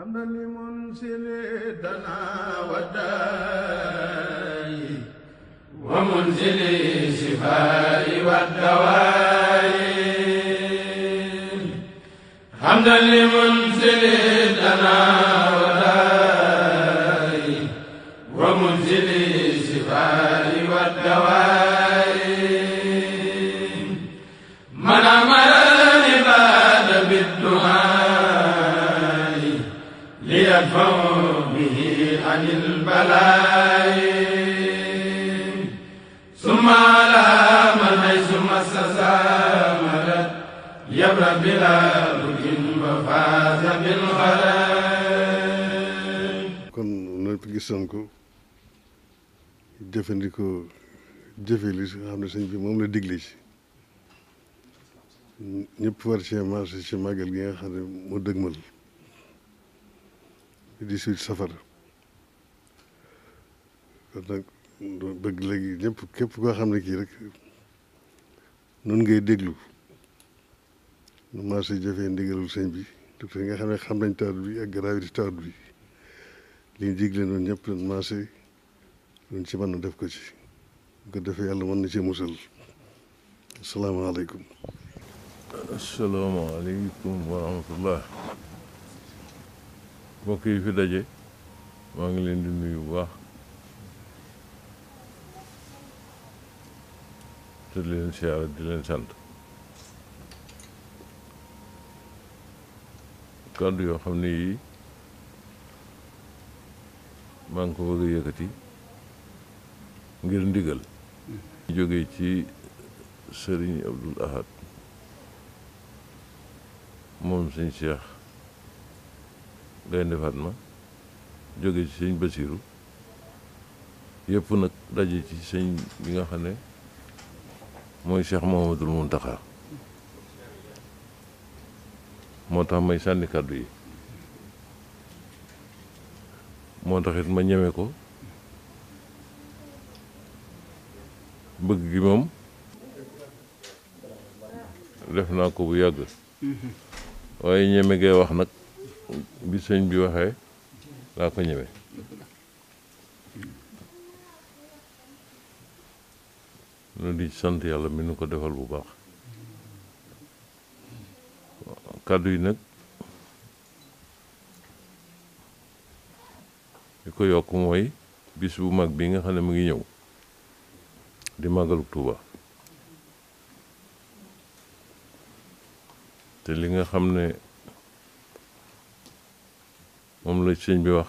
حمدا لمنسل دنا وداي ومنزل الشفاء والدواء حمدا لمنزل دنا يدفع به عن البلاء ثم على من حيث مسسا مدد يبرأ بلا رد وفاز بالخلاء kon noonu gisoon ko jëfandikoo jëfe li xam ne sëñ bi moom la digle ci ñëpp war cee marché ci màggal gi nga xam ne mu dëgmal dix-huit safar kon nag bëgg léegi ñëpp képp koo xam ne kii rek nun ngay déglu nu maase jëfee ndigalul sëñ bi te nga xam ne xam nañ taat bi ak gravité taat bi liñ digle noonu ñëpp nun maase luñ ci man na def ko ci bu ko defee yàlla mën na ci musal asalaamaaleykum asalaamaaleykum wa rahmatullah mbokk yi fi daje maa ngi leen di nuyu bu baax te di leen siyaara di leen sant kàddu yoo xam ne yii maa ngi ko bëgg a ngir ndigal ñu jógee ci sëriñ Abdul Ahad moom sëñ Cheikh Gaynde Fatma jóge ci sëñ Basiiru yëpp nag daje ci sëñ bi nga xam ne mooy Cheikh Mouhamadoul Mountakha moo tax may sànni kàddu yi moo taxit ma ñeme ko bëgg gi moom def naa ko bu yàgg mm-hmm. waaye ñeme gee wax nag bi sëñ bi waxee laa ko ñëwee ñu di sant yàlla mi nu ko defal bu baax kàddu yi nag li ko yokk mooy bis bu mag bi nga xam ne mu ngi ñëw di màggalu Tuuba te li nga xam ne moom la sëñ bi wax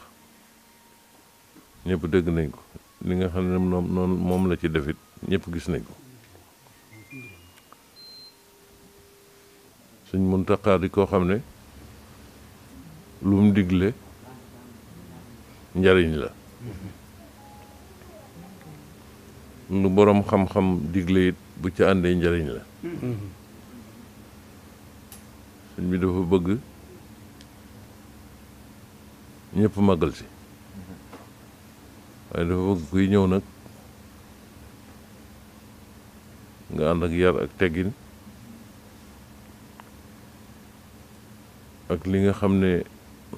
ñépp dégg nañ ko li nga xam ne noonu moom la ci defit ñëpp gis nañ ko sëñ Muntaxa di koo xam ne lu mu digle njariñ la lu boroom xam-xam digle it bu ci àndee njariñ la mm-hmm. sëñ bi dafa bëgg ñépp màggal si waaye dafa bëgg kuy ñëw nag nga ànd ak yar ak teggin ak li nga xam ne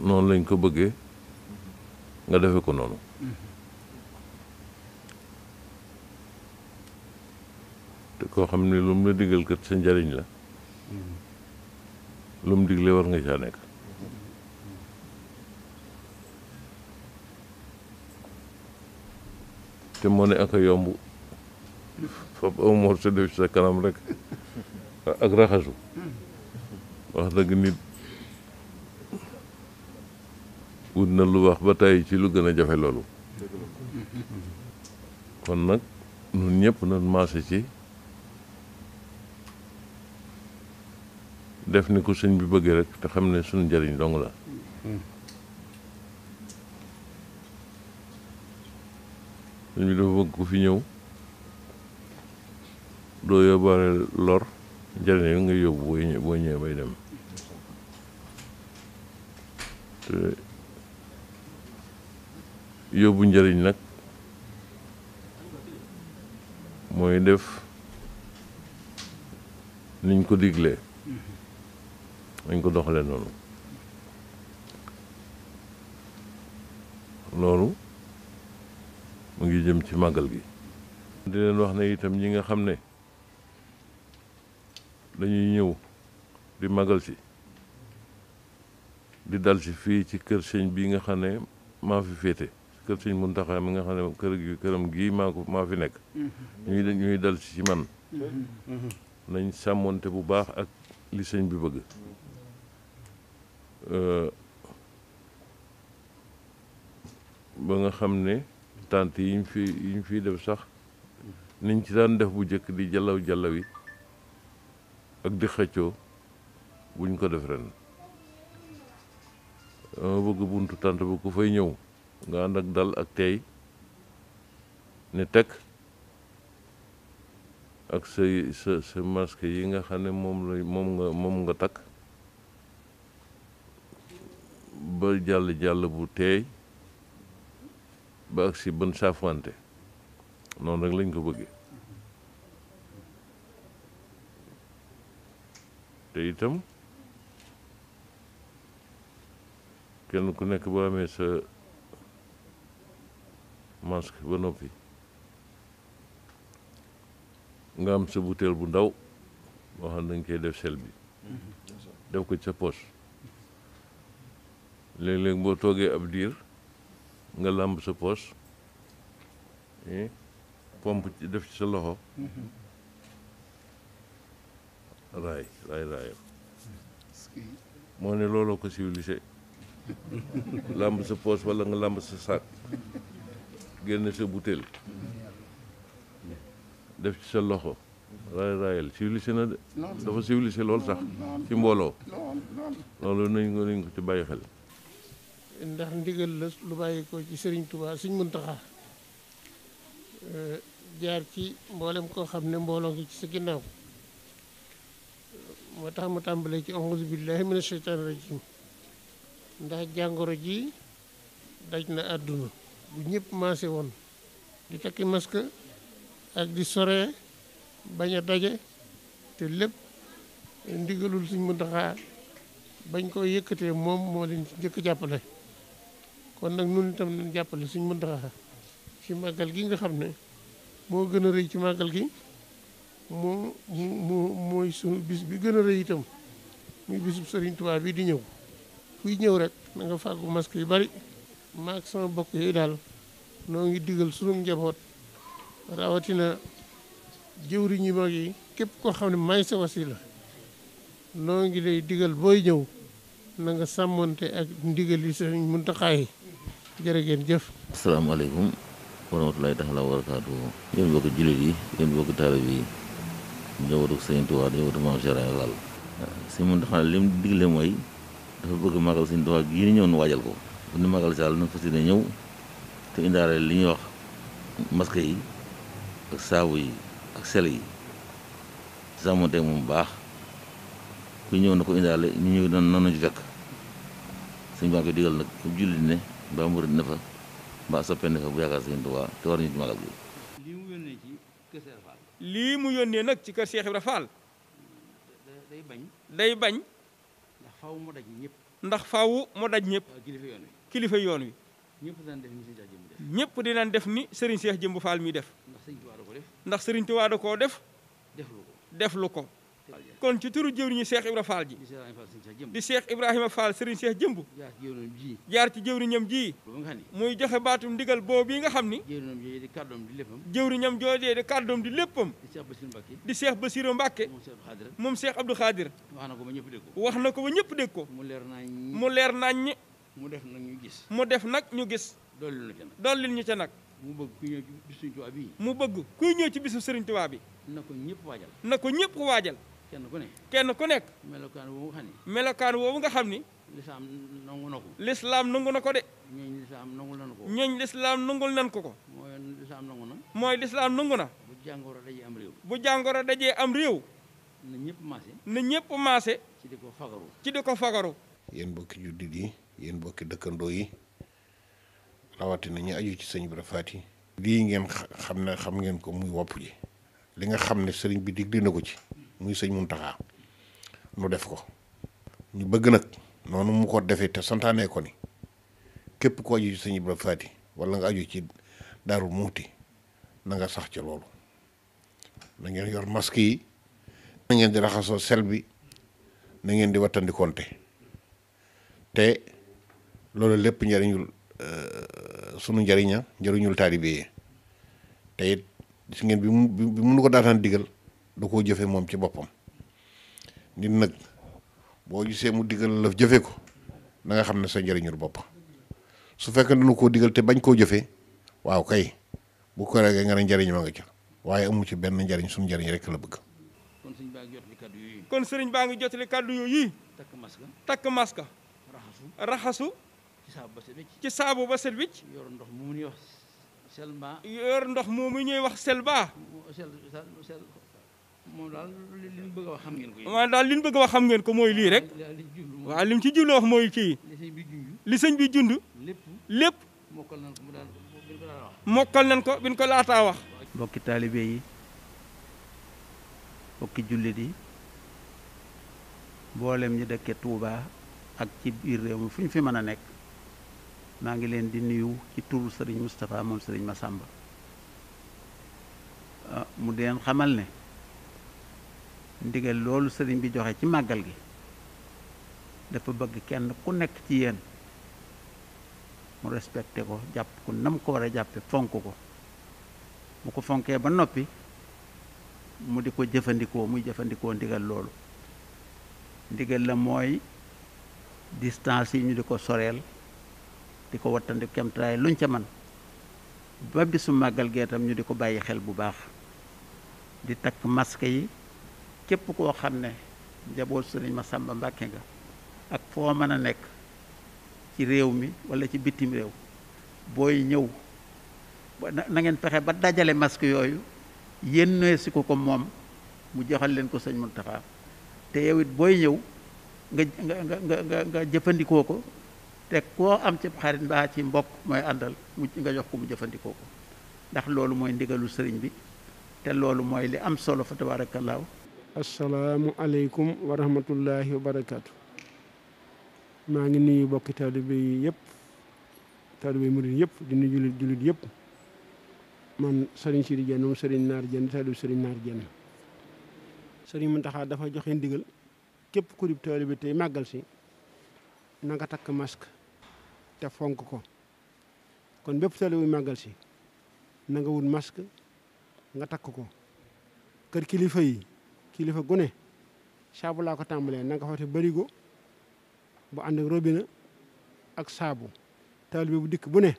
noonu lañ ko bëggee nga defe ko noonu te koo xam ne lu mu la digal sa njariñ la lu mu digle war nga caa nekk te moo ne ak yomb fab aw mor te def ci sa kanam rek ak raxasu wax dëgg nit wut na lu wax ba tey ci lu gën a jafe loolu kon nag nun ñëpp nañ maase ci def ni ko sëñ bi bëggee rek te xam ne suñu njëriñ dong la sëñ bi dafa bëgg ku fi ñëw doo yóbbaale lor njëriñ yi nga yóbbu boo ñëwee bay dem te yóbbu njëriñ nag mooy def niñ ko digle nañ ko doxalee noonu loolu mu ngi jëm ci màggal gi di wax ne itam ñi nga xam ne dañuy ñëw di màggal si di dal si fii ci kër sëñ bi nga xam ne maa fi féete kër sëñ Muntaxa mi nga xam ne kër gi këram gi maa ko maa fi nekk mm-hmm. ñuy ñuy dal si ci man mm-hmm. nañ sàmmoonte bu baax ak li sëñ bi bëgg euh, ba nga xam ne tant yi ñu fi yi ñu fiy def sax niñ ci daan def bu njëkk di jallaw jalaw yi ak di xëccoo buñ ko def ren dama bëgg buntu tant bu ku fay ñëw nga ànd ak dal ak tey ne teg ak say sa sa masque yi nga xam ne moom la moom nga moom nga takk ba jàll jàll bu teey ba agsi bën saafante noonu rek lañ ko bëggee te itam kenn ku nekk boo amee sa masque ba noppi nga am sa butéel bu ndaw boo xam ne dañ koy def sel bi mm-hmm. def ko ci sa poche léeg-léeg boo toogee ab diir nga làmb sa poos pomp ci def ci sa loxo raay raay raayam moo ne looloo ko civilisé làmb sa poos walla nga làmb sa saak génn sa butéel def ci sa loxo raay raayal civilisé na de dafa civilisé lool sax ci mbooloo loolu nañ ko nañ ko ci bàyyi xel ndax ndigal la lu bàyyi ko ci sëriñ tubaa Touba sëriñ Muntaxa jaar ci mboolem koo xam ne mbooloo ngi ci sa ginnaaw moo tax ma tàmbalee ci auzu billahi mina sheytaani rajim ndax jàngoro ji daj na àdduna bu ñëpp maase woon di takki masque ak di soree bañ a daje te lépp ndigalul suñ mu ndaxaa bañ ko yëkkatee moom moo leen ci njëkk jàppale kon nag nun itam nañ jàppale suñ Muntaxa ci màggal gi nga xam ne moo gën a rëy ci màggal gi moo moo mooy suñu bis bi gën a rëy itam muy bisub Sëriñ Tuubaa bi di ñëw kuy ñëw rek na nga fàggu masque yu bari maag sama bokk yooyu daal noo ngi digal suñu njaboot rawatina jëwriñ mag yi képp koo xam ne may sa la noo ngi lay digal booy ñëw na nga sàmmonte ak ndigal yi Sëriñ Muntaxa yi jërë ngeen jëf. asalaamaaleykum wa rahmatulahi taala wa barakaatu. yéen bokk jullit yi yéen bokk mun xam ne li mu digle mooy dafa bëgg màggal Sëriñ Tuubaa gi ñu ñëw nu waajal ko. bu ñu màggal saal ñëw te indaale li ñuy wax masque yi ak saabu yi ak sel yi sàmmonte moom baax ku ñëw na ko indaale ñu ñëw noonu ci fekk suñu baa ko digal nag ku jullit ne. mbaa murid ne fa mbaa soppe ne fa bu yaakaar Sëriñ Tuubaa te war ñu ci magal gi. lii mu yónnee ci kër lii mu yónnee nag ci kër Cheikh Ibra Fall. day bañ. day bañ. ndax faaw mu daj ñëpp. ndax faaw mu daj ñëpp. kilifa yoon wi kilifa yoon wi. ñëpp dinañ def ni Serigne Cheikh Jëmb def. ñëpp dinañ def ni Serigne Cheikh Jëmb Fall mi def. ndax Serigne Touba da def. ndax Serigne Touba da koo def. def lu ko. kon ci turu jëwriñu Cheikh Ibra Fall ji di Cheikh Ibrahima Fall Serigne Cheikh jëmb jaar ci jëwriñam ji muy joxe baatum ndigal boobu yi nga xam ni jëwriñam joojee di kàddoom di léppam di Cheikh Bassirou Mbacke moom Cheikh Abdou Khadir wax na ko ba ñëpp dégg ko wax na ko ba ñëpp dégg ko mu leer nañ mu def nag ñu gis mu def nag ñu gis dollil ñu ca nag mu bëgg kuy ñëw ci bisu Serigne Touba bi mu bëgg kuy ñëw ci bisu Serigne Touba bi na ko ñëpp waajal na ko ñëpp waajal kenn ku ne. kenn ku nekk. melokaan woowu nga melokaan woowu nga xam ni. lislaam nangu na ko. lislaam nangu na ko de. ñooñ lislaam nangul ko. ñooñ lislaam nangul nan ko ko. mooy lislaam nangu na. mooy lislaam nangu na. bu jàngoro dajee am réew. bu jàngoro dajee am réew. na ñëpp maase. na ñëpp maase. ci di ko fagaru. ci di ko fagaru. yéen mbokki juddit yi yéen dëkkandoo yi rawatina ñi aju ci sëñ Ibra yi lii ngeen xam ne xam ngeen ko muy wopp ji. li nga xam ne sëriñ bi digg na ko ci. muy sëñ Muntaxa nu def ko ñu bëgg nag noonu mu ko defee te santaanee ko ni képp ko aju ci sëñ Ibra Faati wala nga aju ci Daaru Muuti na nga sax ci loolu na ngeen yor masque yi na di raxasoo sel bi na ngeen di wattandikonte te loolu lépp njariñul euh, sunu njariña njariñul taalibe yi te it gis ngeen bi mu bi mu nu ko daataan digal da ko jëfe moom ci boppam nit nag boo gisee mu digal la jëfe ko na nga xam ne sa njëriñul bopp su fekkee ne lu koo digal te bañ koo jëfee waaw kay bu ko regee nga ne njëriñ ma nga ca waaye amu ci benn njariñ suñu njëriñ rek la bëgg. kon kon sëriñ baa ngi jotali kàddu yooyu. takk takk maska. raxasu raxasu. ci ba set wicc. yor ndox moomu ñuy ndox moomu ñuy wax selba. moom daal li ñu wax xam ngeen ko mooy lii rek waaw li ci jublu wax mooy ci li sëñ bi jund lépp mokkal nañ ko bin ko biñ laataa wax mbokki taalibe yi mbokki jullit yi mboolem ñi dekke tuuba ak ci biir réew mi fu ñu fi mën a nekk maa ngi leen di nuyu ci turu sëriñ Moustapha moom sëriñ sàmba ah, mu deen xamal ne ndigal loolu sëriñ bi joxe ci màggal gi dafa bëgg kenn ku nekk ci yéen mu respecté ko jàpp ko nam ko war a jàppe fonk ko mu ko fonkee ba noppi mu di ko jëfandikoo muy jëfandikoo ndigal loolu ndigal la mooy distance yi ñu di ko soreel di ko wattandi kemtaay luñ ca man ba bisu màggal gee tam ñu di ko bàyyi xel bu baax di takk masque yi képp koo xam ne njaboot sëriñ Masamba Mbàkke nga ak foo mën a nekk ci réew mi wala ci bitim réew booy ñëw na ngeen fexe ba dajale masque yooyu yéen si ko ko moom mu joxal leen ko sëñ Muntaxa te yowit booy ñëw nga nga nga nga jëfandikoo ko te koo am ci xarit mbaa ci mbokk mooy àndal mu nga jox ko mu jëfandikoo ko ndax loolu mooy ndigalu sëriñ bi te loolu mooy li am solo fa kalaaw asalaamu aleykum wa rahmatullahi wa barakaatu maa ngi nuyu bokki taalibe yi yëpp taalibe mu yëpp di nuyu jullit jullit yëpp man Serigne Sidi Diène moom Serigne Naar Diène taalibe Serigne Naar Diène Serigne Mountakha dafa joxe ndigal képp ku di taalibe tey màggal si na nga takk masque te fonk ko kon bépp taalibe màggal si na nga wut masque nga takk ko kër kilifa yi kilifa gune saabu laa ko tàmbalee nanga nga fate barigo bu ànd ak robinet ak saabu taalibe bu dikk bu ne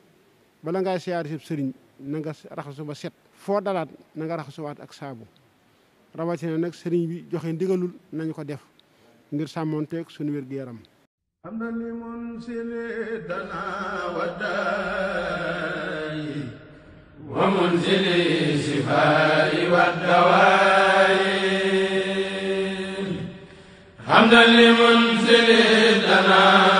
bala ngaa siyaar si sëriñ na nga raxasu ba set foo dalaat na nga raxasuwaat ak saabu rawatina nag sëriñ bi joxe ndigalul nañu ko def ngir sàmmonteeg suñu wér gu yaram am na li mun si dana waddaayi wa mun si li sifaayi waddawaayi حمدا لمنزل لنا